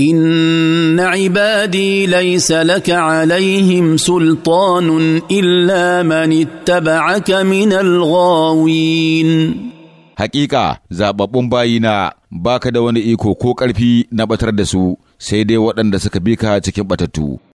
ان عبادي ليس لك عليهم سلطان الا من اتبعك من الغاوين حقيقه zababbun bayina baka da wani iko ko ƙarfi na ɓatar da su sai dai waɗanda suka bi ka cikin ɓatattu.